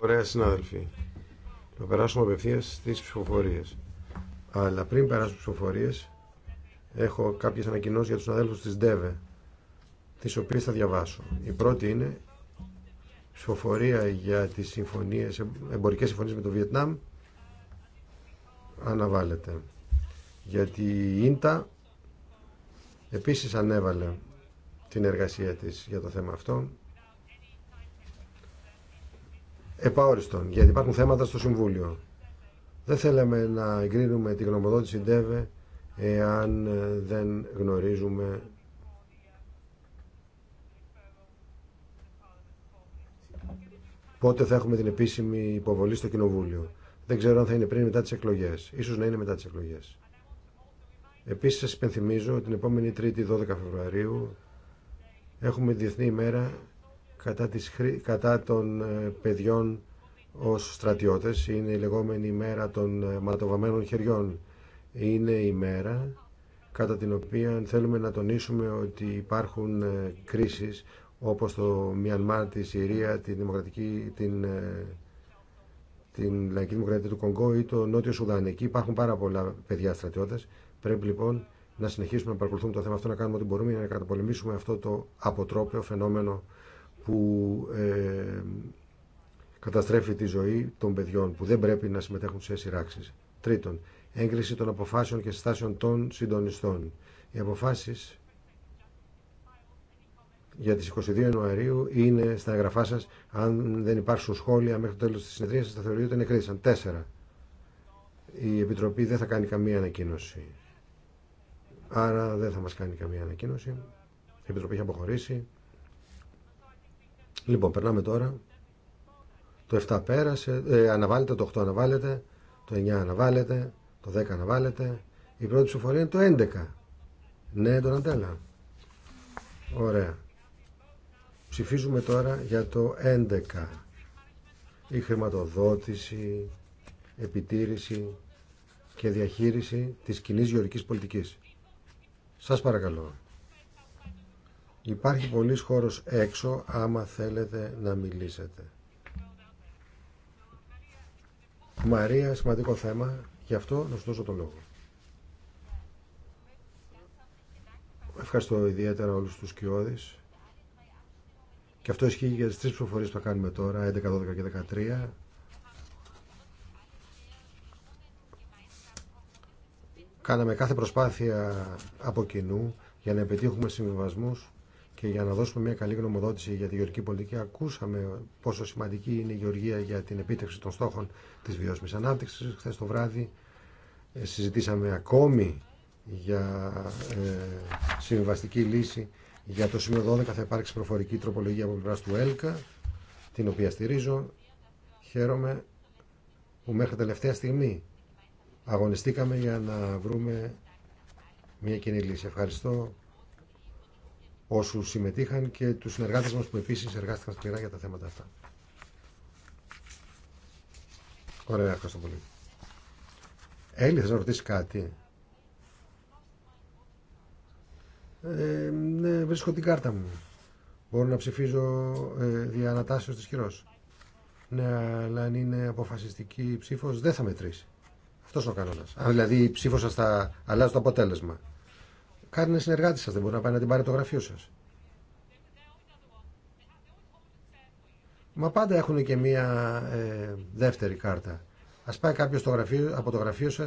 Ωραία συνάδελφοι, θα περάσουμε απευθείας στις ψηφοφορίες. Αλλά πριν περάσουμε στις ψηφοφορίες, έχω κάποιες ανακοινώσεις για τους συναδέλφους της ΔΕΒΕ, τις οποίες θα διαβάσω. Η πρώτη είναι ψηφοφορία για τις συμφωνίες, εμπορικές συμφωνίες με το Βιετνάμ αναβάλλεται. Γιατί η ΙΝΤΑ επίσης ανέβαλε την εργασία της για το θέμα αυτό επαόριστον, γιατί υπάρχουν θέματα στο Συμβούλιο. Δεν θέλαμε να εγκρίνουμε την γνωμοδότηση ΝΤΕΒΕ εάν ε, δεν γνωρίζουμε πότε θα έχουμε την επίσημη υποβολή στο Κοινοβούλιο. Δεν ξέρω αν θα είναι πριν ή μετά τις εκλογές. Ίσως να είναι μετά τις εκλογές. Επίσης σας υπενθυμίζω ότι την επόμενη Τρίτη 12 Φεβρουαρίου έχουμε Διεθνή ημέρα κατά, κατά των ε, παιδιών ως στρατιώτες. Είναι η λεγόμενη ημέρα των ε, ματωβαμένων χεριών. Είναι η μέρα κατά την οποία θέλουμε να τονίσουμε ότι υπάρχουν ε, κρίσεις όπως το Μιανμάρ, τη Συρία, τη δημοκρατική, την, την Λαϊκή Δημοκρατία του Κονγκό ή το Νότιο Σουδάν. Εκεί υπάρχουν πάρα πολλά παιδιά στρατιώτες. Πρέπει λοιπόν να συνεχίσουμε να παρακολουθούμε το θέμα αυτό, να κάνουμε ό,τι μπορούμε να καταπολεμήσουμε αυτό το αποτρόπαιο φαινόμενο που ε, καταστρέφει τη ζωή των παιδιών που δεν πρέπει να συμμετέχουν σε σειράξει. Τρίτον, έγκριση των αποφάσεων και στάσεων των συντονιστών. Οι αποφάσει για τις 22 Ιανουαρίου είναι στα εγγραφά σα Αν δεν υπάρξουν σχόλια μέχρι το τέλο της συνεδρία, θα θεωρείτε ότι είναι Τέσσερα. Η Επιτροπή δεν θα κάνει καμία ανακοίνωση. Άρα δεν θα μα κάνει καμία ανακοίνωση. Η Επιτροπή έχει αποχωρήσει. Λοιπόν, περνάμε τώρα. Το 7 πέρασε, ε, αναβάλλεται, το 8 αναβάλλεται, το 9 αναβάλλεται, το 10 αναβάλλεται. Η πρώτη ψηφοφορία είναι το 11. Ναι, τον Αντέλα. Ωραία. Ψηφίζουμε τώρα για το 11. Η χρηματοδότηση, επιτήρηση και διαχείριση της κοινή γεωρικής πολιτικής. Σας παρακαλώ. Υπάρχει πολύς χώρος έξω άμα θέλετε να μιλήσετε. Μαρία, σημαντικό θέμα. Γι' αυτό να σου δώσω το λόγο. Ευχαριστώ ιδιαίτερα όλους τους κοιόδης. Και αυτό ισχύει για τις τρεις ψηφοφορίες που θα κάνουμε τώρα, 11, 12 και 13. Κάναμε κάθε προσπάθεια από κοινού για να επιτύχουμε συμβιβασμούς και για να δώσουμε μια καλή γνωμοδότηση για τη γεωργική πολιτική ακούσαμε πόσο σημαντική είναι η γεωργία για την επίτευξη των στόχων της βιώσιμη ανάπτυξης. Χθες το βράδυ ε, συζητήσαμε ακόμη για ε, συμβιβαστική λύση. Για το σημείο 12 θα υπάρξει προφορική τροπολογία από πλευρά του ΕΛΚΑ, την οποία στηρίζω. Χαίρομαι που μέχρι τελευταία στιγμή αγωνιστήκαμε για να βρούμε μια κοινή λύση. Ευχαριστώ οσου συμμετείχαν και τους συνεργάτες μας που επίσης εργάστηκαν σκληρά για τα θέματα αυτά. Ωραία, ευχαριστώ πολύ. Έλλη, θες να ρωτήσει κάτι. Ε, ναι, βρίσκω την κάρτα μου. Μπορώ να ψηφίζω ε, δια ανατάσσεως της χειρός. Ναι, αλλά αν είναι αποφασιστική η ψήφος δεν θα μετρήσει. Αυτός ο κανόνας. δηλαδή η ψήφος σας θα αλλάζει το αποτέλεσμα είναι συνεργάτη σα δεν μπορεί να πάει να την πάρει το γραφείο σα. Μα πάντα έχουν και μία ε, δεύτερη κάρτα. Α πάει κάποιο από το γραφείο σα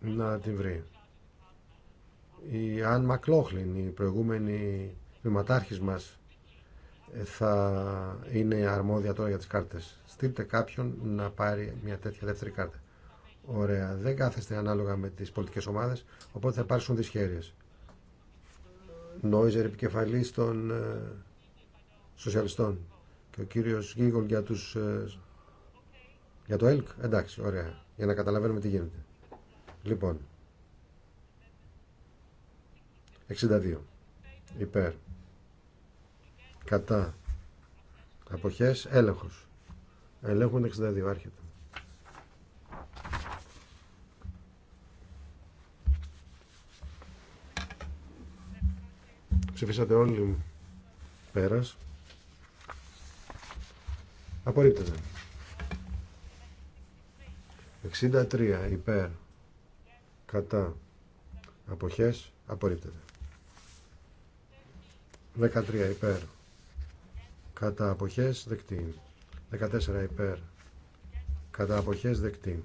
να την βρει. Η Αν Μακλόχλιν, η προηγούμενη βηματάρχη μας, ε, θα είναι αρμόδια τώρα για τις κάρτες. Στείλτε κάποιον να πάρει μια τέτοια δεύτερη κάρτα. Ωραία. Δεν κάθεστε ανάλογα με τις πολιτικές ομάδες, οπότε θα υπάρξουν δυσχέρειε. Νόιζερ επικεφαλή των ε, σοσιαλιστών και ο κύριος Γίγκολ για, τους, ε, για το ΕΛΚ. Εντάξει, ωραία. Για να καταλαβαίνουμε τι γίνεται. Λοιπόν, 62. Υπέρ. Κατά. Αποχές. Έλεγχος. Ελέγχουν 62. Άρχεται. Ψηφίσατε όλοι πέρας. Απορρίπτεται. 63 υπέρ κατά αποχές απορρίπτεται. 13 υπέρ κατά αποχές δεκτή. 14 υπέρ κατά αποχές δεκτή.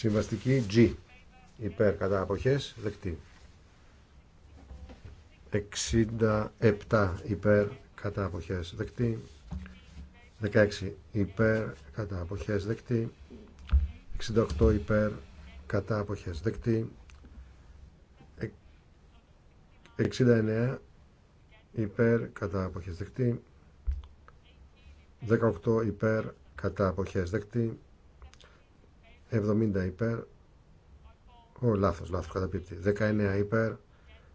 Συμβαστική G. Υπέρ κατά αποχές δεκτή. 67 υπέρ κατά αποχές δεκτή. 16 υπέρ κατά αποχές δεκτή. 68 υπέρ κατά αποχές δεκτή. 69 υπέρ κατά αποχές δεκτή. 18 υπέρ κατά αποχές δεκτή. 70 υπέρ. Ω, λάθος, λάθος, καταπίπτει. 19 υπέρ,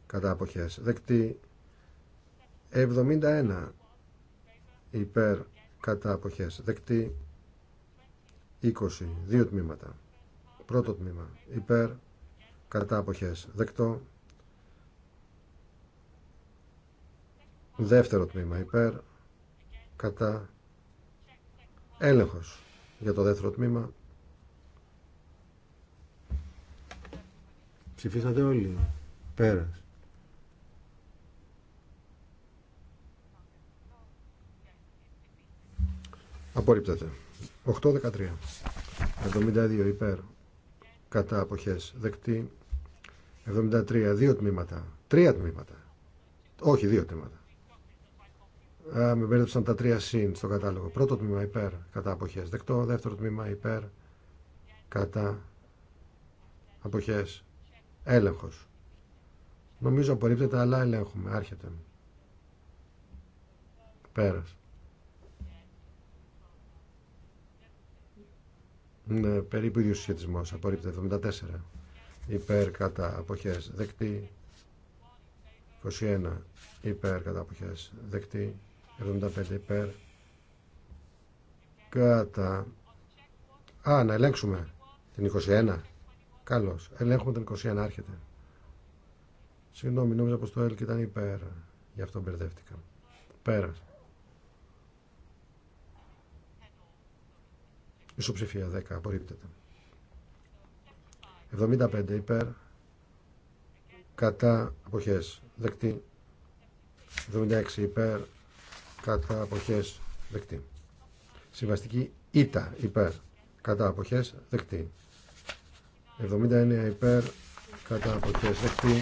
κατά αποχές. Δεκτή. 71 υπέρ, κατά αποχές. Δεκτή. 20, δύο τμήματα. Πρώτο τμήμα, υπέρ, κατά αποχές. Δεκτό. Δεύτερο τμήμα, υπέρ, κατά έλεγχος για το δεύτερο τμήμα. Ψηφίσατε όλοι. Πέρας. Απορρίπτεται. 8-13. 72 υπέρ. Κατά αποχές. Δεκτή. 73. Δύο τμήματα. Τρία τμήματα. Όχι, δύο τμήματα. Α, με μπέρδεψαν τα τρία συν στο κατάλογο. Πρώτο τμήμα υπέρ. Κατά αποχές. Δεκτό. Δεύτερο τμήμα υπέρ. Κατά αποχές. Έλεγχος. Νομίζω απορρίπτεται, αλλά ελέγχουμε. Άρχεται. Πέρας. Ναι, περίπου ίδιο σχετισμός. Απορρίπτεται. 74. Υπέρ κατά αποχές. Δεκτή. 21. Υπέρ κατά αποχές. Δεκτή. 75. Υπέρ. Κατά. Α, να ελέγξουμε την 21. Καλώ. Ελέγχουμε τον 21. Άρχεται. Συγγνώμη, νόμιζα πω το ΕΛΚ ήταν υπέρ. Γι' αυτό μπερδεύτηκα. Πέρα. Ισοψηφία 10. Απορρίπτεται. 75 υπέρ. Κατά αποχέ, Δεκτή. 76 υπέρ. Κατά απόχέ, Δεκτή. Συμβαστική ήττα υπέρ. Κατά αποχές. Δεκτή. 79 υπέρ κατά αποχές δεκτή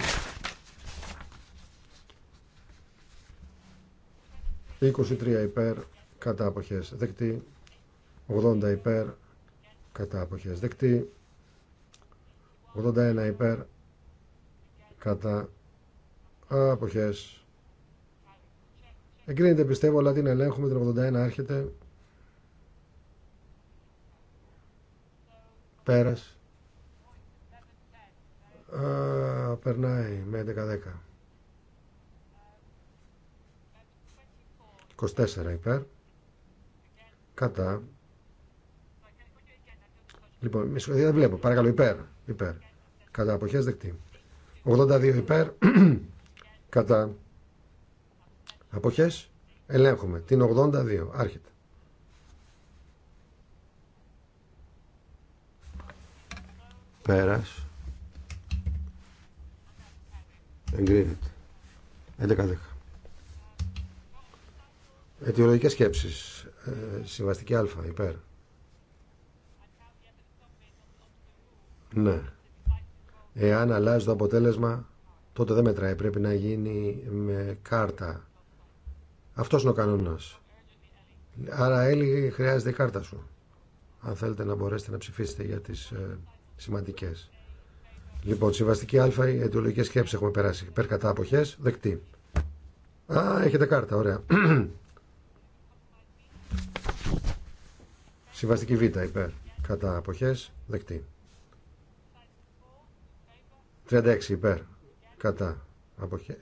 23 υπέρ κατά αποχές δεκτή 80 υπέρ κατά αποχές δεκτή 81 υπέρ κατά αποχές εγκρίνεται πιστεύω αλλά την ελέγχουμε την 81 έρχεται, πέρας Α, περνάει με 11-10. 24 υπέρ. Κατά. Λοιπόν, μισό, δεν βλέπω. Παρακαλώ, υπέρ. Υπέρ. Κατά αποχές δεκτή. 82 υπέρ. κατά αποχές ελέγχουμε. Την 82. Άρχεται. Πέρας. Εγκρίνεται. 11-10. Αιτιολογικέ σκέψεις. Ε, συμβαστική α, υπέρ. Ναι. Εάν αλλάζει το αποτέλεσμα, τότε δεν μετράει. Πρέπει να γίνει με κάρτα. Αυτός είναι ο κανόνα. Άρα, Έλλη, χρειάζεται η κάρτα σου. Αν θέλετε να μπορέσετε να ψηφίσετε για τις ε, σημαντικές. Λοιπόν, συμβαστική α, η αιτιολογική σκέψη έχουμε περάσει. Υπέρ κατά αποχές, δεκτή. Α, έχετε κάρτα, ωραία. συμβαστική β, υπέρ κατά αποχές, δεκτή. 36 υπέρ κατά αποχέ.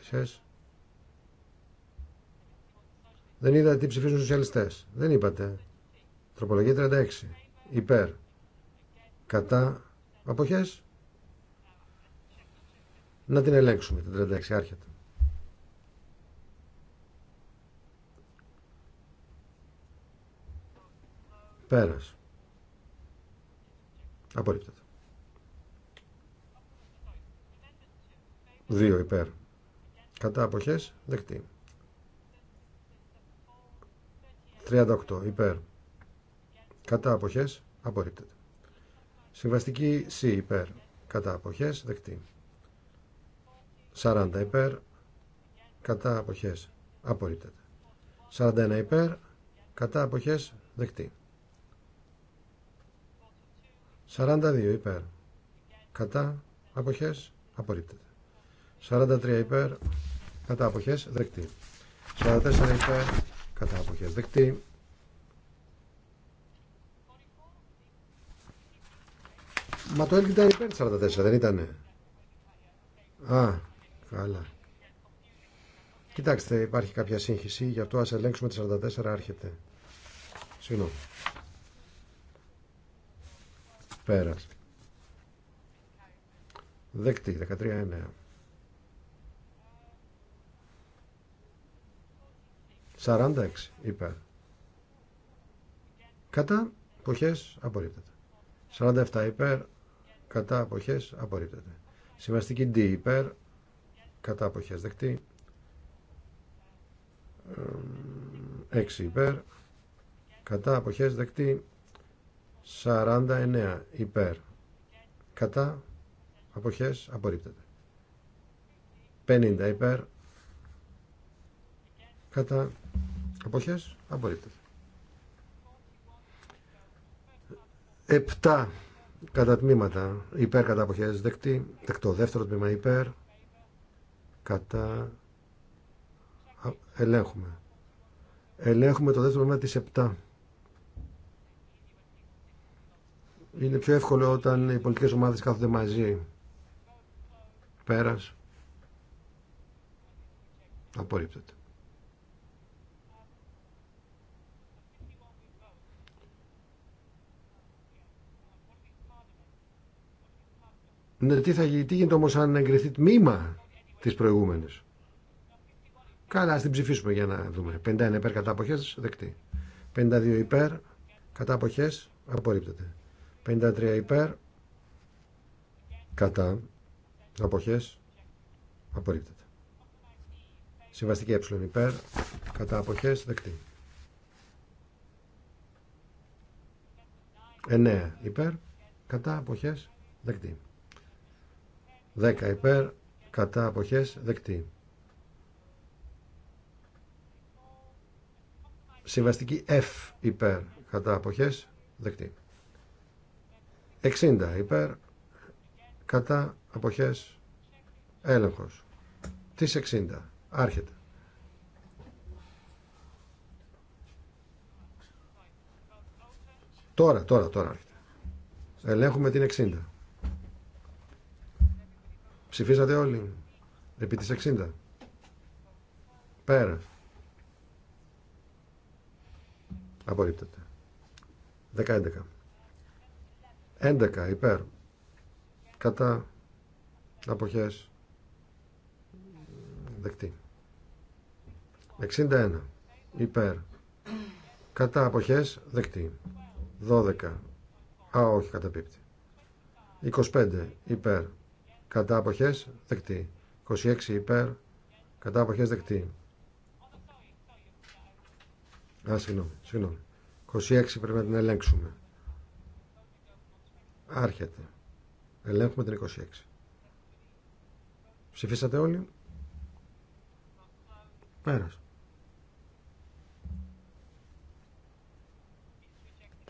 Δεν είδα τι ψηφίζουν οι σοσιαλιστές. Δεν είπατε. Τροπολογία 36. Υπέρ. Κατά. Αποχές. Να την ελέγξουμε την 36 άρχεται. Πέρας. Απορρίπτεται. 2 υπέρ. Κατά αποχές δεκτή. 38 υπέρ. Κατά αποχές απορρίπτεται. Συμβαστική C υπέρ. Κατά αποχές δεκτή. 40 υπέρ κατά αποχές απορρίπτεται 41 υπέρ κατά αποχές δεκτή 42 υπέρ κατά αποχές απορρίπτεται 43 υπέρ κατά αποχές δεκτή 44 υπέρ κατά αποχές δεκτή Μα το έλκυνταν υπέρ 44 δεν ήτανε Α Καλά. Κοιτάξτε, υπάρχει κάποια σύγχυση, γι' αυτό ας ελέγξουμε Τις 44 άρχεται. Συγγνώμη. Πέρας. Δεκτή, 13-9. 46 υπέρ. Κατά εποχές απορρίπτεται. 47 υπέρ. Κατά εποχές απορρίπτεται. Συμβαστική D υπέρ κατά αποχές δεκτή 6 υπέρ κατά αποχές δεκτή 49 υπέρ κατά αποχές απορρίπτεται 50 υπέρ κατά αποχές απορρίπτεται 7 κατά τμήματα υπέρ κατά αποχές δεκτή δεκτό δεύτερο τμήμα υπέρ κατά ελέγχουμε ελέγχουμε το δεύτερο μήνα της 7 είναι πιο εύκολο όταν οι πολιτικές ομάδες κάθονται μαζί πέρας απορρίπτεται Ναι, τι θα γίνει, τι γίνεται όμως αν εγκριθεί τμήμα τις προηγούμενες. Καλά, α την ψηφίσουμε για να δούμε. 51 υπέρ κατά αποχές, δεκτή. 52 υπέρ κατά αποχές, απορρίπτεται. 53 υπέρ κατά αποχές, απορρίπτεται. Συμβαστική ε υπέρ κατά αποχές, δεκτή. 9 υπέρ κατά αποχές, δεκτή. 10 υπέρ κατά αποχές δεκτή. Συμβαστική F υπέρ κατά αποχές δεκτή. 60 υπέρ κατά αποχές έλεγχος. Τη 60 άρχεται. Τώρα, τώρα, τώρα Ελέγχουμε την 60. Ψηφίσατε όλοι. Επί 60. Πέρα. Απορρίπτεται. 10-11. 11 υπέρ. Κατά. Αποχές. Δεκτή. 61 υπέρ. Κατά αποχές δεκτή. 12. Α, όχι, καταπίπτει. 25 υπέρ κατά αποχές δεκτή. 26 υπέρ κατά αποχές δεκτή. Α, συγγνώμη, συγγνώμη. 26 πρέπει να την ελέγξουμε. Άρχεται. Ελέγχουμε την 26. Ψηφίσατε όλοι. Πέρασε.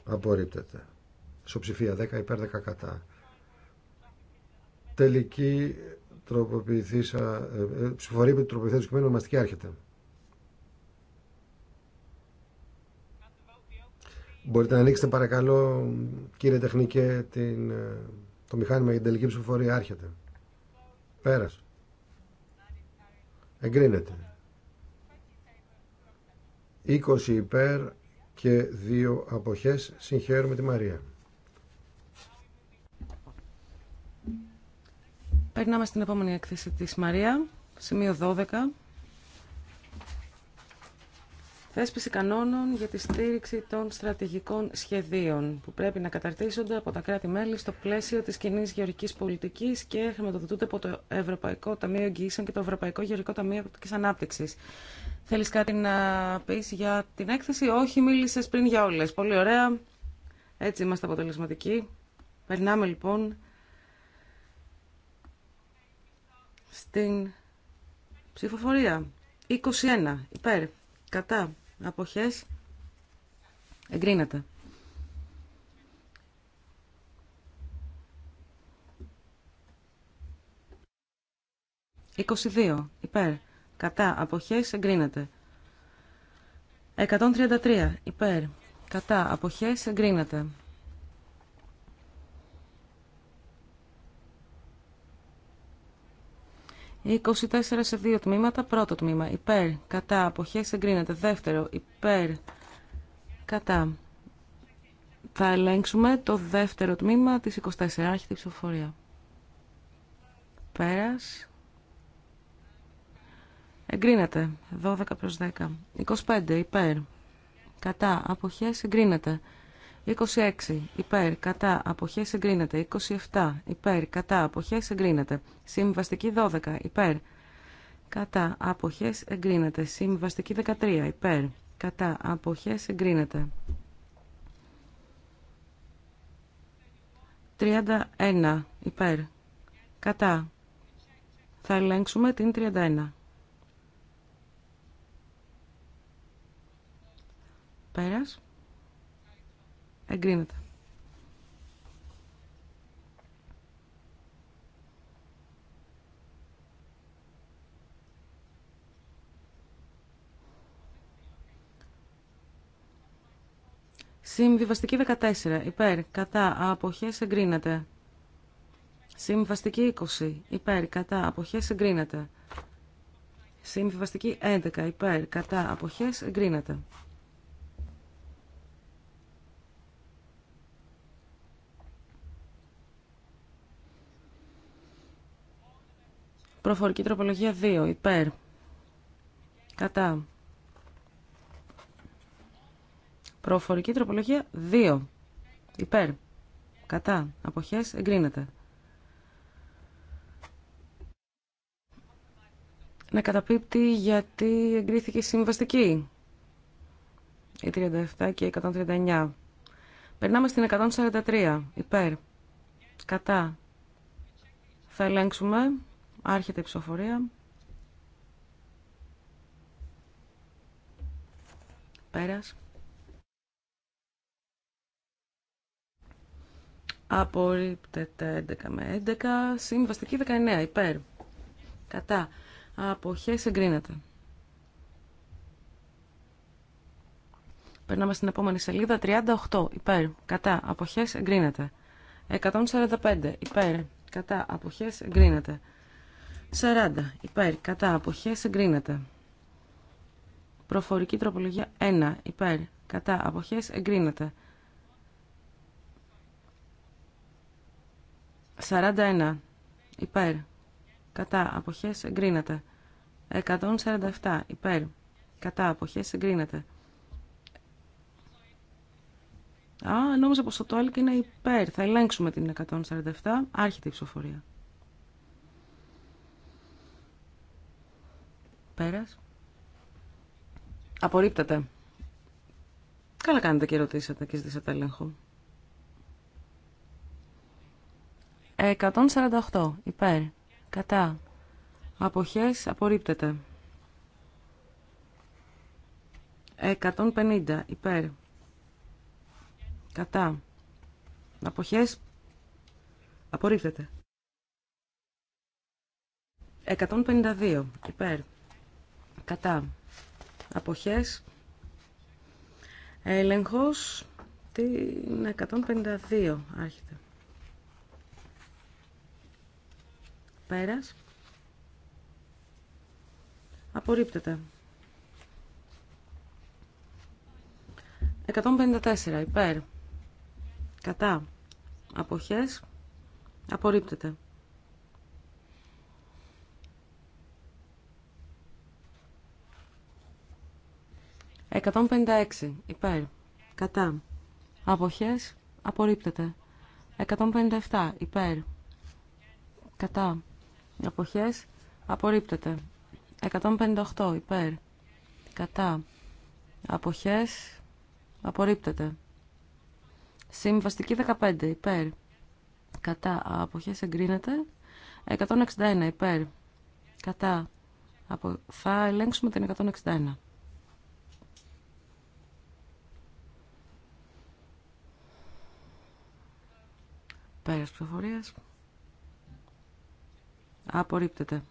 Απορρίπτεται. Σοψηφία 10 υπέρ 10 κατά. Τελική τροποποιηθήσα, ε, ε ψηφορία επί του κειμένου ονομαστική άρχεται. Μπορείτε να ανοίξετε παρακαλώ κύριε τεχνικέ την, ε, το μηχάνημα για την τελική ψηφοφορία άρχεται. Πέρας. Εγκρίνεται. 20 υπέρ και 2 αποχές. Συγχαίρουμε τη Μαρία. Περνάμε στην επόμενη έκθεση της Μαρία, σημείο 12. Θέσπιση κανόνων για τη στήριξη των στρατηγικών σχεδίων που πρέπει να καταρτίζονται από τα κράτη-μέλη στο πλαίσιο της κοινή γεωρικής πολιτικής και χρηματοδοτούνται από το Ευρωπαϊκό Ταμείο Εγγυήσεων και το Ευρωπαϊκό Γεωρικό Ταμείο Ευρωπαϊκής Ανάπτυξης. Θέλεις κάτι να πεις για την έκθεση? Όχι, μίλησες πριν για όλες. Πολύ ωραία. Έτσι είμαστε αποτελεσματικοί. Περνάμε λοιπόν στην ψηφοφορία. 21 υπέρ, κατά, αποχές, εγκρίνεται. «22. Υπέρ. Κατά. Αποχές. Εγκρίνεται». «133. Υπέρ. Κατά. Αποχές. Εγκρίνεται». 24 σε δύο τμήματα. Πρώτο τμήμα υπέρ, κατά, αποχές εγκρίνεται. Δεύτερο υπέρ, κατά. Θα ελέγξουμε το δεύτερο τμήμα της 24 η ψηφοφορία. Πέρας. Εγκρίνεται. 12 προς 10. 25 υπέρ. Κατά. Αποχές εγκρίνεται. 26. Υπέρ, κατά, αποχές εγκρίνεται. 27. Υπέρ, κατά, αποχές εγκρίνεται. Συμβαστική 12. Υπέρ, κατά, αποχές εγκρίνεται. Συμβαστική 13. Υπέρ, κατά, αποχές εγκρίνεται. 31. Υπέρ, κατά. Θα ελέγξουμε την 31. Πέρας. Εγκρίνεται. Συμβιβαστική 14. Υπέρ. Κατά. Αποχές εγκρίνεται. Συμβιβαστική 20. Υπέρ. Κατά. Αποχές εγκρίνεται. Συμβιβαστική 11. Υπέρ. Κατά. Αποχές εγκρίνεται. Προφορική τροπολογία 2. Υπέρ. Κατά. Προφορική τροπολογία 2. Υπέρ. Κατά. Αποχές εγκρίνεται. Να καταπίπτει γιατί εγκρίθηκε η συμβαστική. Η 37 και η 139. Περνάμε στην 143. Υπέρ. Κατά. Θα ελέγξουμε. Άρχεται η ψηφοφορία. Πέρας. Απορρίπτεται 11 με 11. Συμβαστική 19. Υπέρ. Κατά. Αποχές εγκρίνεται. Περνάμε στην επόμενη σελίδα. 38. Υπέρ. Κατά. Αποχές εγκρίνεται. 145. Υπέρ. Κατά. Αποχές εγκρίνεται. 40. Υπέρ. Κατά. Αποχές. Εγκρίνεται. Προφορική τροπολογία 1. Υπέρ. Κατά. Αποχές. Εγκρίνεται. 41. Υπέρ. Κατά. Αποχές. Εγκρίνεται. 147. Υπέρ. Κατά. Αποχές. Εγκρίνεται. Α, νόμιζα πως το τόλικ είναι υπέρ. Θα ελέγξουμε την 147. Άρχεται η ψηφοφορία. Πέρας. Απορρίπτεται. Καλά κάνετε και ρωτήσατε και ζητήσατε έλεγχο. 148. Υπέρ. Κατά. Αποχές. Απορρίπτεται. 150. Υπέρ. Κατά. Αποχές. Απορρίπτεται. 152. Υπέρ κατά αποχές έλεγχος την 152 άρχεται πέρας απορρίπτεται 154 υπέρ κατά αποχές απορρίπτεται 156 υπέρ. Κατά. Αποχές. Απορρίπτεται. 157 υπέρ. Κατά. Αποχές. Απορρίπτεται. 158 υπέρ. Κατά. Αποχές. Απορρίπτεται. Συμβαστική 15 υπέρ. Κατά. Αποχές εγκρίνεται. 161 υπέρ. Κατά. Θα ελέγξουμε την 161. Πέρας ψηφοφορίας. Απορρίπτεται.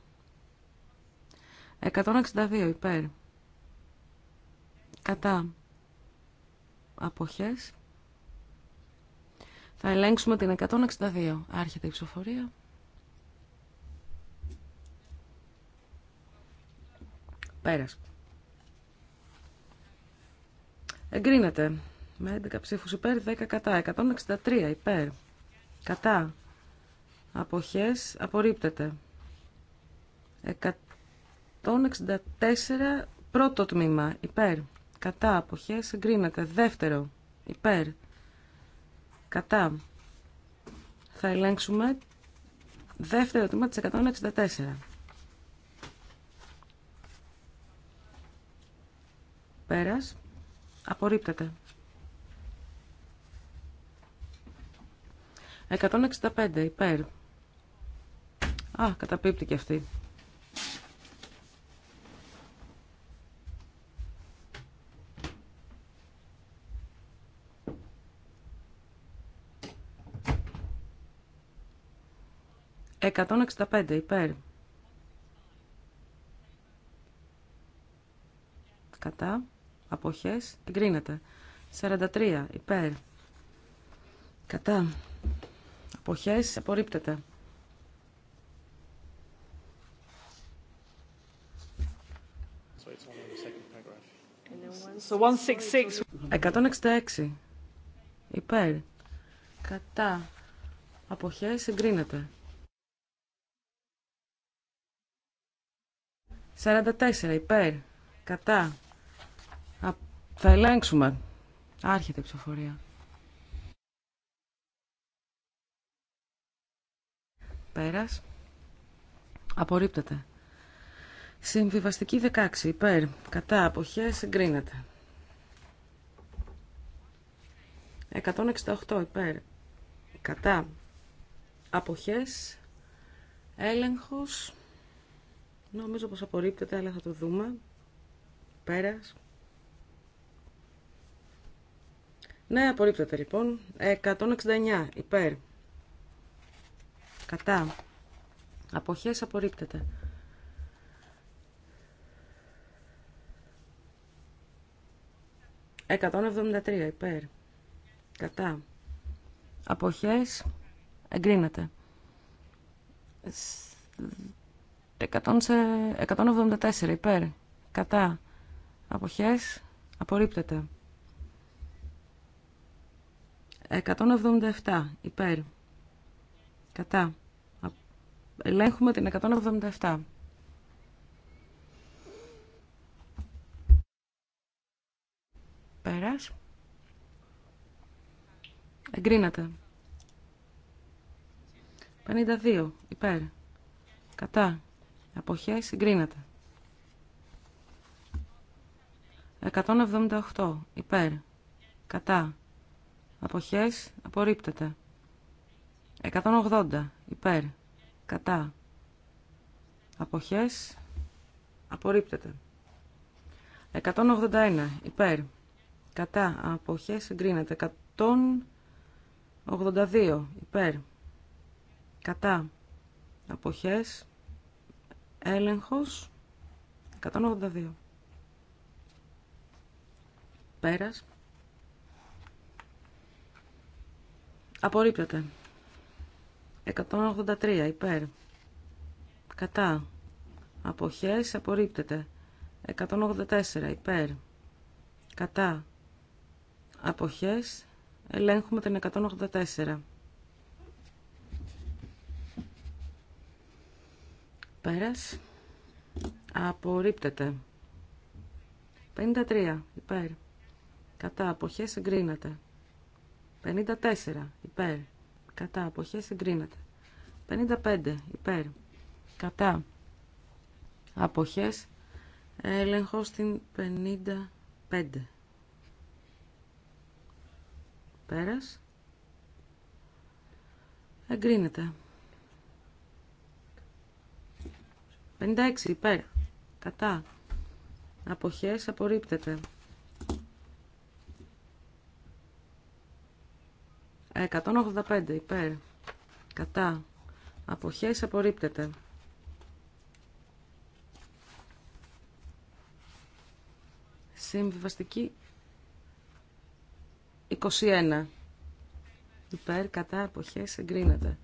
162 υπέρ. Κατά. Αποχές. Θα ελέγξουμε την 162. Άρχεται η ψηφοφορία. Πέρας. Εγκρίνεται. Με 11 ψήφους υπέρ, 10 κατά. 163 υπέρ. Κατά. Αποχές απορρίπτεται. 164 πρώτο τμήμα. Υπέρ. Κατά. Αποχές εγκρίνεται. Δεύτερο. Υπέρ. Κατά. Θα ελέγξουμε δεύτερο τμήμα της 164. Πέρας. Απορρίπτεται. 165 υπέρ. Α, καταπίπτει και αυτή. Εκατόν εξήντα πέντε υπέρ. Κατά. Αποχές. Εγκρίνεται. Σαράντα τρία υπέρ. Κατά. Αποχές απορρίπτεται. 166. Υπέρ. Κατά. Αποχές εγκρίνεται. 44. Υπέρ. Κατά. Θα ελέγξουμε. Άρχεται η ψηφοφορία. Πέρας. Απορρίπτεται. Συμβιβαστική 16. Υπέρ. Κατά. Αποχές. Συγκρίνεται. 168. Υπέρ. Κατά. Αποχές. Έλεγχος. Νομίζω πως απορρίπτεται, αλλά θα το δούμε. Πέρας. Ναι, απορρίπτεται λοιπόν. 169. Υπέρ κατά αποχές απορρίπτεται. 173. υπέρ κατά αποχές εγκρίνεται. 174 υπέρ κατά αποχές απορρίπτεται. 177 υπέρ κατά ελέγχουμε την 177. Πέρας. Εγκρίνατε. 52. Υπέρ. Κατά. Αποχές. Εγκρίνατε. 178. Υπέρ. Κατά. Αποχές. Απορρίπτεται. 180. Υπέρ κατά αποχές απορρίπτεται 181 υπέρ κατά αποχές εγκρίνεται 182 υπέρ κατά αποχές έλεγχος 182 πέρας απορρίπτεται 183 υπέρ. Κατά. Αποχές απορρίπτεται. 184 υπέρ. Κατά. Αποχές ελέγχουμε την 184. Πέρας. Απορρίπτεται. 53 υπέρ. Κατά. Αποχές εγκρίνεται. 54 υπέρ κατά αποχές εγκρίνεται. 55 υπέρ κατά αποχές έλεγχο στην 55. Πέρας. Εγκρίνεται. 56 υπέρ κατά αποχές απορρίπτεται. 185 υπέρ. Κατά. Αποχές απορρίπτεται. Συμβιβαστική 21. Υπέρ, κατά, αποχές, εγκρίνεται.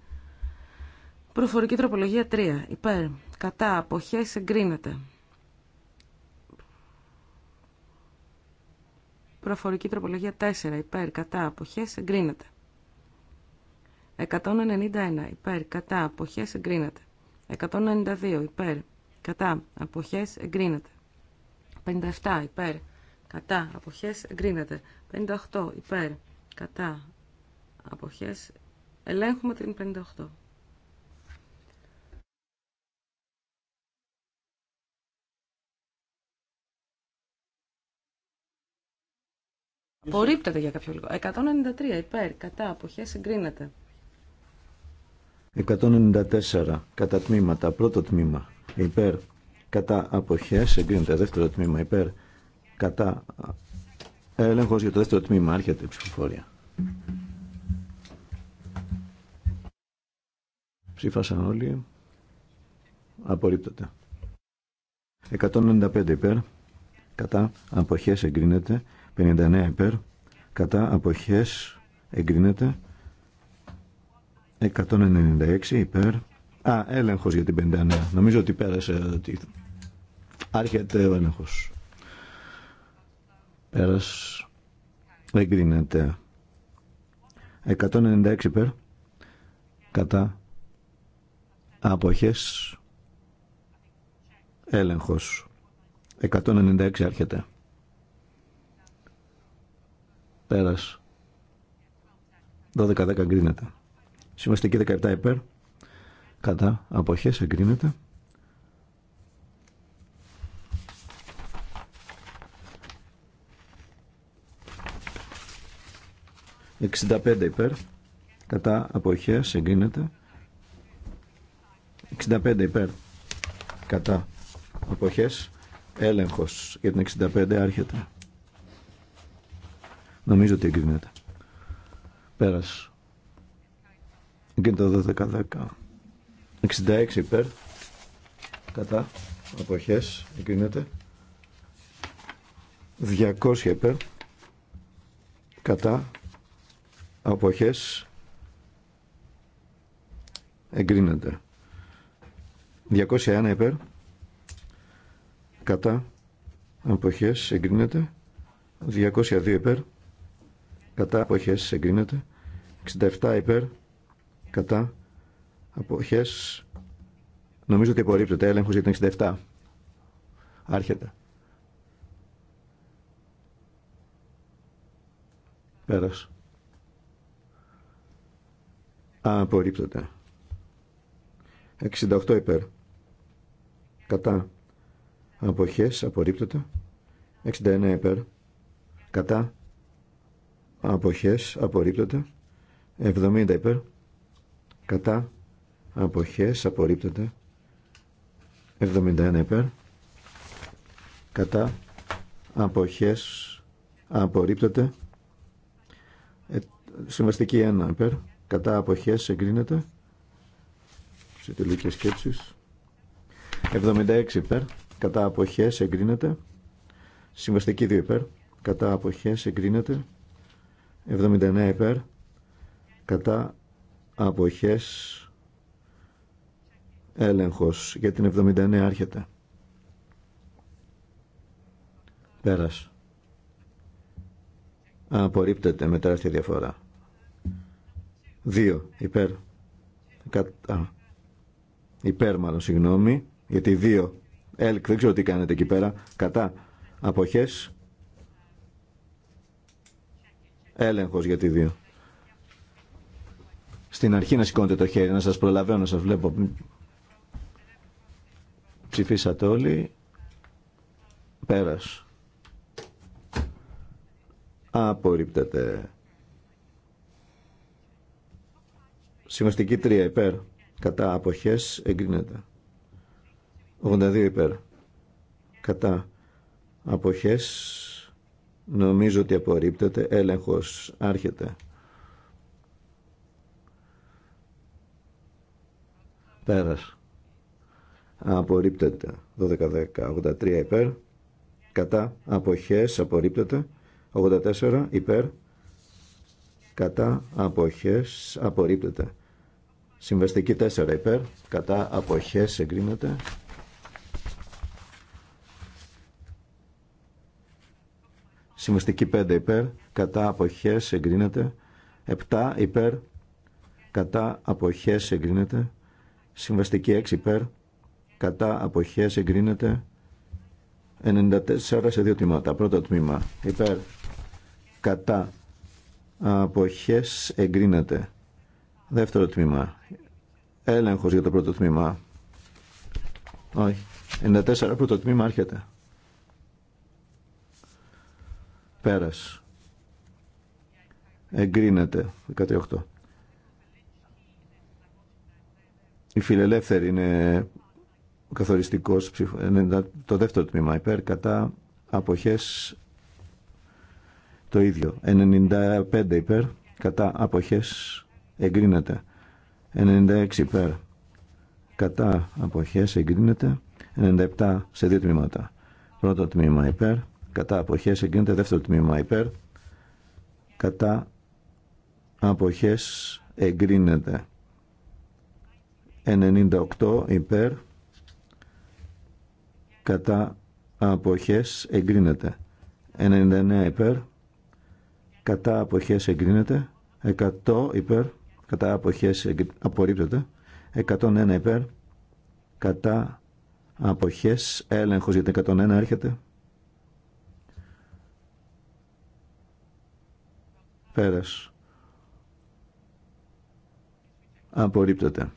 Προφορική τροπολογία 3. Υπέρ, κατά, αποχές, εγκρίνεται. Προφορική τροπολογία 4. Υπέρ, κατά, αποχές, εγκρίνεται. 191 υπέρ κατά αποχές εγκρίνεται. 192 υπέρ κατά αποχές εγκρίνεται. 57 υπέρ κατά αποχές εγκρίνεται. 58 υπέρ κατά αποχές ελέγχουμε την 58. Απορρίπτεται για κάποιο λόγο. 193 υπέρ, κατά, αποχές, συγκρίνεται. 194 κατά τμήματα. Πρώτο τμήμα υπέρ κατά αποχές εγκρίνεται. Δεύτερο τμήμα υπέρ κατά έλεγχος για το δεύτερο τμήμα. Άρχεται η ψηφοφορία. Ψήφασαν όλοι. απορρίπτονται. 195 υπέρ κατά αποχές εγκρίνεται. 59 υπέρ κατά αποχές εγκρίνεται. 196 υπέρ. Α, έλεγχος για την 59. Νομίζω ότι πέρασε ότι άρχεται ο έλεγχος. Πέρας εγκρίνεται. 196 υπέρ. Κατά αποχές έλεγχος. 196 άρχεται. Πέρας. 12-10 εγκρίνεται. Σημαντική 17 υπέρ. Κατά αποχές εγκρίνεται. ...65 υπέρ, κατά αποχές, εγκρίνεται. 65 υπέρ, κατά αποχές, έλεγχος για την 65 άρχεται. Νομίζω ότι εγκρίνεται. Πέρας. Εγκρίνεται 12-10. 66 υπέρ. Κατά. Αποχές. Εγκρίνεται. 200 υπέρ. Κατά. Αποχές. Εγκρίνεται. 201 υπέρ. Κατά. Αποχές. Εγκρίνεται. 202 υπέρ. Κατά. Αποχές. Εγκρίνεται. 67 υπέρ κατά απόχέ, νομίζω ότι απορρίπτεται έλεγχος για την 67 άρχεται πέρας απορρίπτεται 68 υπέρ κατά αποχές απορρίπτεται 69 υπέρ κατά αποχές απορρίπτεται 70 υπέρ κατά αποχές απορρίπτεται 71 υπέρ κατά αποχές απορρίπτεται ε, συμβαστική 1 υπέρ κατά αποχές εγκρίνεται σε τελικές σκέψεις 76 υπέρ κατά αποχές εγκρίνεται συμβαστική 2 υπέρ κατά αποχές εγκρίνεται 79 υπέρ κατά αποχές έλεγχος για την 79 άρχεται πέρας απορρίπτεται με τεράστια διαφορά δύο υπέρ κατά υπέρ μάλλον συγγνώμη γιατί δύο έλκ δεν ξέρω τι κάνετε εκεί πέρα κατά αποχές έλεγχος για τη δύο στην αρχή να σηκώνετε το χέρι, να σας προλαβαίνω, να σας βλέπω. Ψηφίσατε όλοι. Πέρας. Απορρίπτεται. Συμβαστική 3 υπέρ. Κατά αποχές εγκρίνεται. 82 υπέρ. Κατά αποχές νομίζω ότι απορρίπτεται. Έλεγχος άρχεται. Πέρας. Απορρίπτεται. 12-10. 83 υπέρ. Κατά. Αποχές. Απορρίπτεται. 84 υπέρ. Κατά. Αποχές. Απορρίπτεται. Συμβαστική 4 υπέρ. Κατά. Αποχές. Εγκρίνεται. Συμβαστική 5 υπέρ. Κατά. Αποχές. Εγκρίνεται. 7 υπέρ. Κατά. Αποχές. Εγκρίνεται. Συμβαστική 6 υπέρ. Κατά αποχές εγκρίνεται 94 σε δύο τμήματα. Πρώτο τμήμα υπέρ. Κατά αποχές εγκρίνεται. Δεύτερο τμήμα. Έλεγχος για το πρώτο τμήμα. Όχι. 94 πρώτο τμήμα άρχεται. Πέρας. Εγκρίνεται. 18. Η φιλελεύθερη είναι καθοριστικός το δεύτερο τμήμα υπέρ κατά αποχές το ίδιο 95 υπέρ κατά αποχές εγκρίνεται 96 υπέρ κατά αποχές εγκρίνεται 97 σε δύο τμήματα πρώτο τμήμα υπέρ κατά αποχές εγκρίνεται δεύτερο τμήμα υπέρ κατά αποχές εγκρίνεται 98 υπέρ κατά αποχές εγκρίνεται 99 υπέρ κατά αποχές εγκρίνεται 100 υπέρ κατά αποχές απορρίπτεται 101 υπέρ κατά αποχές έλεγχος για την 101 έρχεται πέρας απορρίπτεται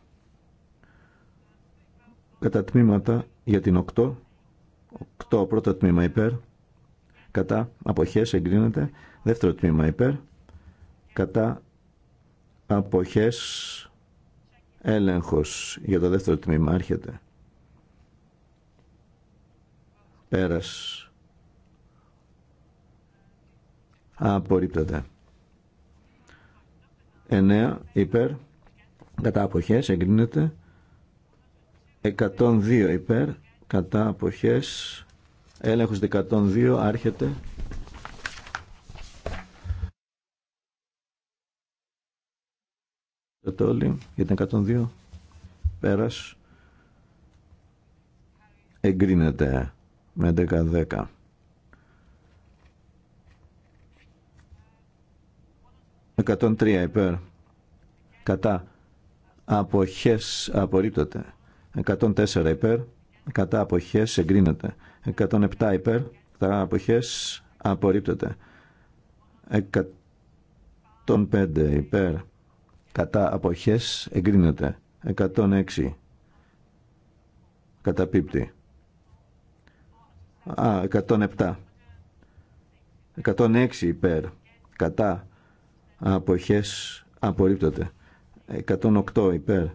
κατά τμήματα για την 8. 8 πρώτο τμήμα υπέρ, κατά αποχές εγκρίνεται. Δεύτερο τμήμα υπέρ, κατά αποχές έλεγχος για το δεύτερο τμήμα έρχεται Πέρας. Απορρίπτεται. 9 υπέρ, κατά αποχές εγκρίνεται. 102 υπέρ, κατά αποχές, έλεγχος 102 άρχεται. για την 102 πέρας εγκρίνεται με 11-10. 103 υπέρ κατά αποχές απορρίπτονται. 104 υπέρ, κατά αποχές εγκρίνεται. 107 υπέρ, κατά αποχές απορρίπτεται. 105 υπέρ, κατά αποχές εγκρίνεται. 106 καταπίπτει. Α, 107. 106 υπέρ, κατά αποχές απορρίπτεται. 108 υπέρ,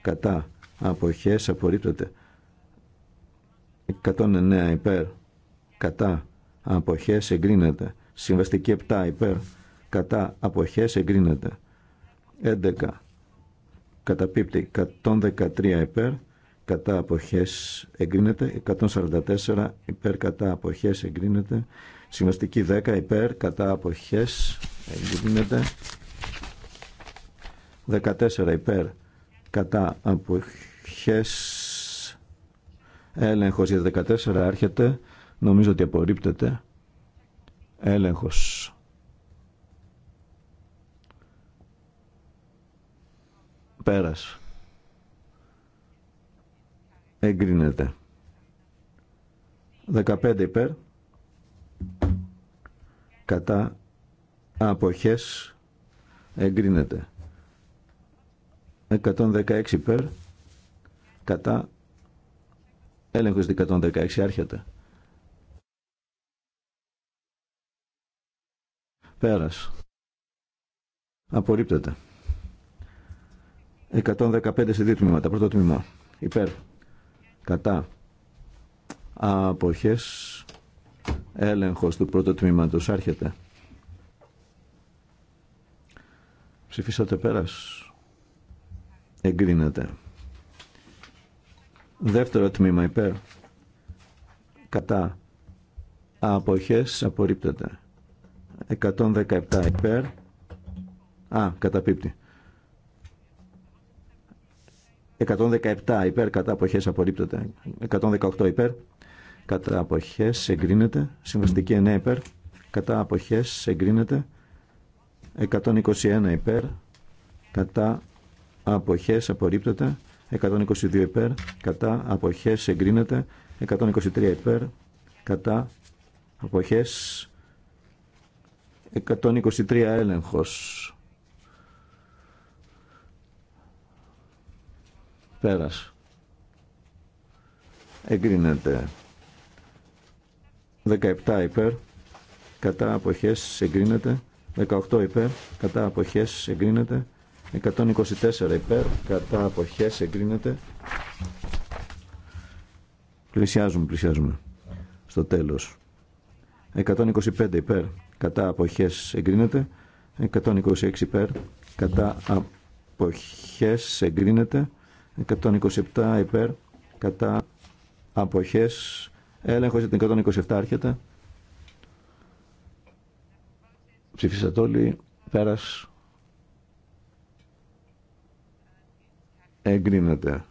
κατά αποχές απορρίπτεται 109 υπέρ κατά αποχές εγκρίνεται συμβαστική 7 υπέρ κατά αποχές εγκρίνεται 11 καταπίπτει 113 υπέρ κατά αποχές εγκρίνεται 144 υπέρ κατά αποχές εγκρίνεται συμβαστική 10 υπέρ κατά αποχές εγκρίνεται 14 υπέρ κατά αποχές ποιες έλεγχος για 14 έρχεται νομίζω ότι απορρίπτεται έλεγχος πέρας εγκρίνεται 15 υπέρ κατά αποχές εγκρίνεται 116 υπέρ κατά έλεγχος 116 άρχεται. Πέρας. Απορρίπτεται. 115 σε δύο τμήματα. Πρώτο τμήμα. Υπέρ. Κατά. Αποχές. Έλεγχος του πρώτου τμήματος. Άρχεται. Ψηφίσατε πέρας. Εγκρίνεται. Δεύτερο τμήμα υπέρ. Κατά. Αποχές απορρίπτεται. 117 υπέρ. Α, καταπίπτει. 117 υπέρ κατά αποχές απορρίπτεται. 118 υπέρ κατά αποχές εγκρίνεται. Συμβαστική 9 υπέρ κατά αποχές εγκρίνεται. 121 υπέρ κατά αποχές απορρίπτεται. 122 υπέρ, κατά αποχές εγκρίνεται, 123 υπέρ, κατά αποχές 123 έλεγχος. Πέρας. Εγκρίνεται. 17 υπέρ, κατά αποχές εγκρίνεται, 18 υπέρ, κατά αποχές εγκρίνεται, 124 υπέρ, κατά αποχές εγκρίνεται. Πλησιάζουμε, πλησιάζουμε. Στο τέλος. 125 υπέρ, κατά αποχές εγκρίνεται. 126 υπέρ, κατά αποχές εγκρίνεται. 127 υπέρ, κατά αποχές. Έλεγχος την 127 έρχεται. Ψηφίσατε όλοι, πέρας. εγκρίνεται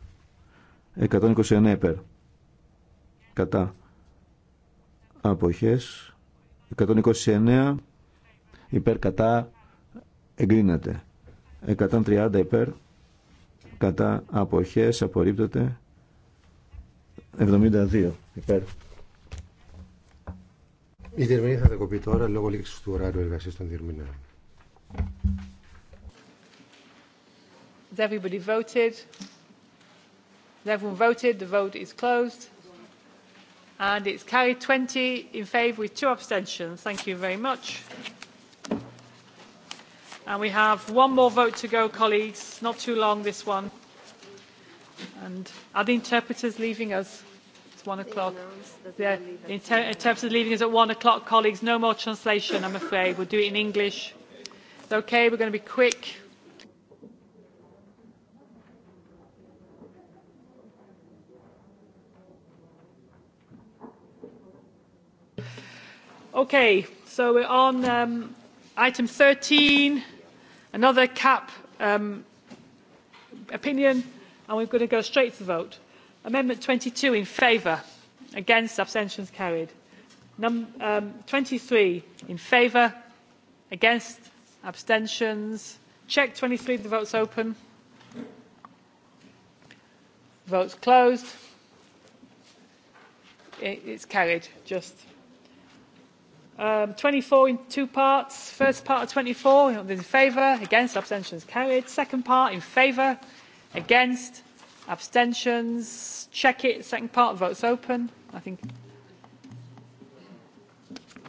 129 υπέρ κατά αποχές 129 υπέρ κατά εγκρίνεται 130 υπέρ κατά αποχές απορρίπτεται 72 υπέρ η διερμηνία θα δεκοπεί τώρα λόγω λήξης του ωραρίου εργασίας των διερμηνών. Has everybody voted? Has everyone voted? The vote is closed. And it's carried 20 in favour with two abstentions. Thank you very much. And we have one more vote to go, colleagues. Not too long, this one. And are the interpreters leaving us? It's one o'clock. The interpreters leaving us at one o'clock, colleagues. No more translation, I'm afraid. We'll do it in English. It's okay, we're going to be quick. Okay, so we're on um, item 13, another CAP um, opinion, and we're going to go straight to the vote. Amendment 22 in favour, against, abstentions carried. Num um, 23 in favour, against, abstentions. Check 23, the vote's open. Vote's closed. it's carried, just Um, 24 in two parts. First part of 24, in favour, against, abstentions carried. Second part, in favour, against, abstentions. Check it. Second part, votes open. I think.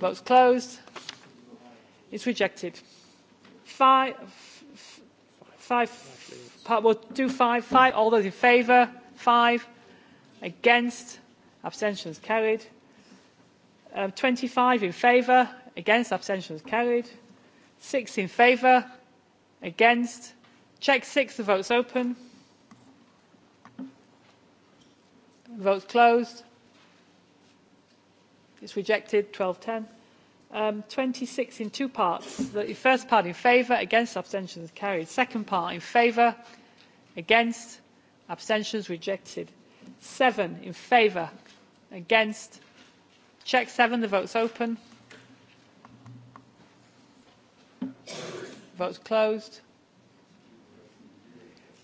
Votes closed. It's rejected. Five, five, part, we'll do five, five. All those in favour, five, against, abstentions carried twenty five in favour against abstentions carried six in favour against check six the votes open votes closed it's rejected ten. um, 26 in two parts the first part in favour against abstentions carried second part in favour against abstentions rejected seven in favour against Check seven. The vote's open. Vote's closed.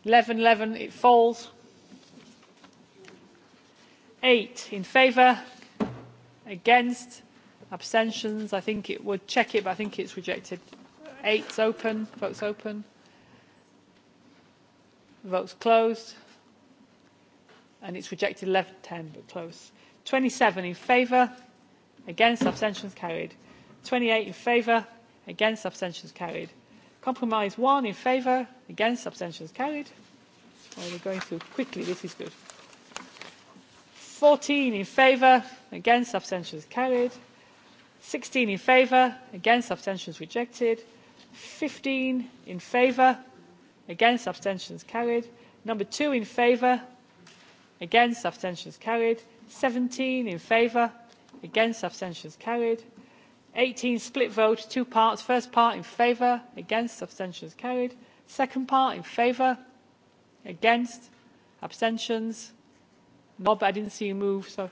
11, 11. It falls. Eight in favour. Against. Abstentions. I think it would check it, but I think it's rejected. Eight's open. Vote's open. Vote's closed. And it's rejected 11, 10, but close. 27 in favour Against abstentions carried. 28 in favour. Against abstentions carried. Compromise one in favour. Against abstentions carried. We're going through quickly. This is good. 14 in favour. Against abstentions carried. 16 in favour. Against abstentions rejected. 15 in favour. Against abstentions carried. Number two in favour. Against abstentions carried. 17 in favour against abstentions carried 18 split vote two parts first part in favour against abstentions carried second part in favour against abstentions no but I didn't see you move so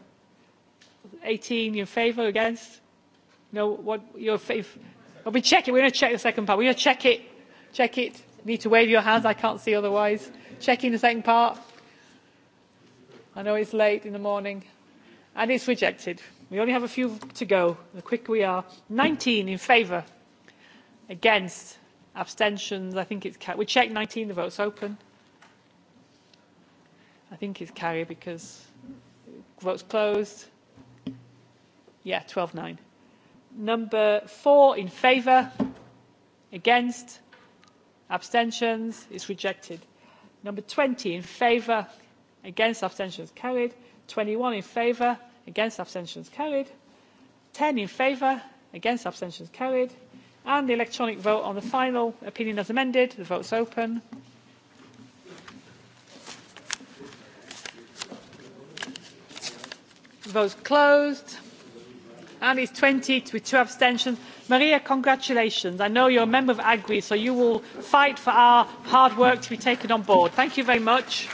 18 in favour against no what your faith I'll be checking we're going to check the second part we're going to check it check it need to wave your hands I can't see otherwise checking the second part I know it's late in the morning and it's rejected We only have a few to go. The quicker we are. 19 in favour. Against. Abstentions. I think it's We check 19. The vote's open. I think it's carried because vote's closed. Yeah, 12-9. Number four in favour. Against. Abstentions. It's rejected. Number 20 in favour. Against. Abstentions carried. 21 in favour against abstentions carried 10 in favour against abstentions carried and the electronic vote on the final opinion as amended the vote's open the vote's closed and it's 20 with two abstentions maria congratulations i know you're a member of agri so you will fight for our hard work to be taken on board thank you very much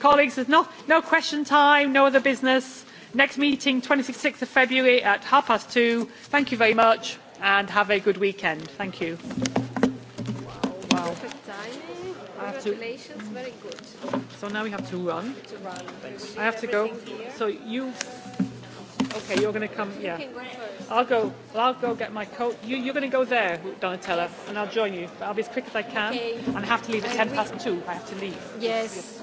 colleagues there's no no question time no other business next meeting 26th of february at half past two thank you very much and have a good weekend thank you Wow. Congratulations, very good. So now we have to run. I have to go. So you, okay, you're going to come. Yeah, I'll go. I'll go get my coat. You, you're going to go there, Donatella, and I'll join you. But I'll be as quick as I can, and I have to leave at ten past two. I have to leave. Yes.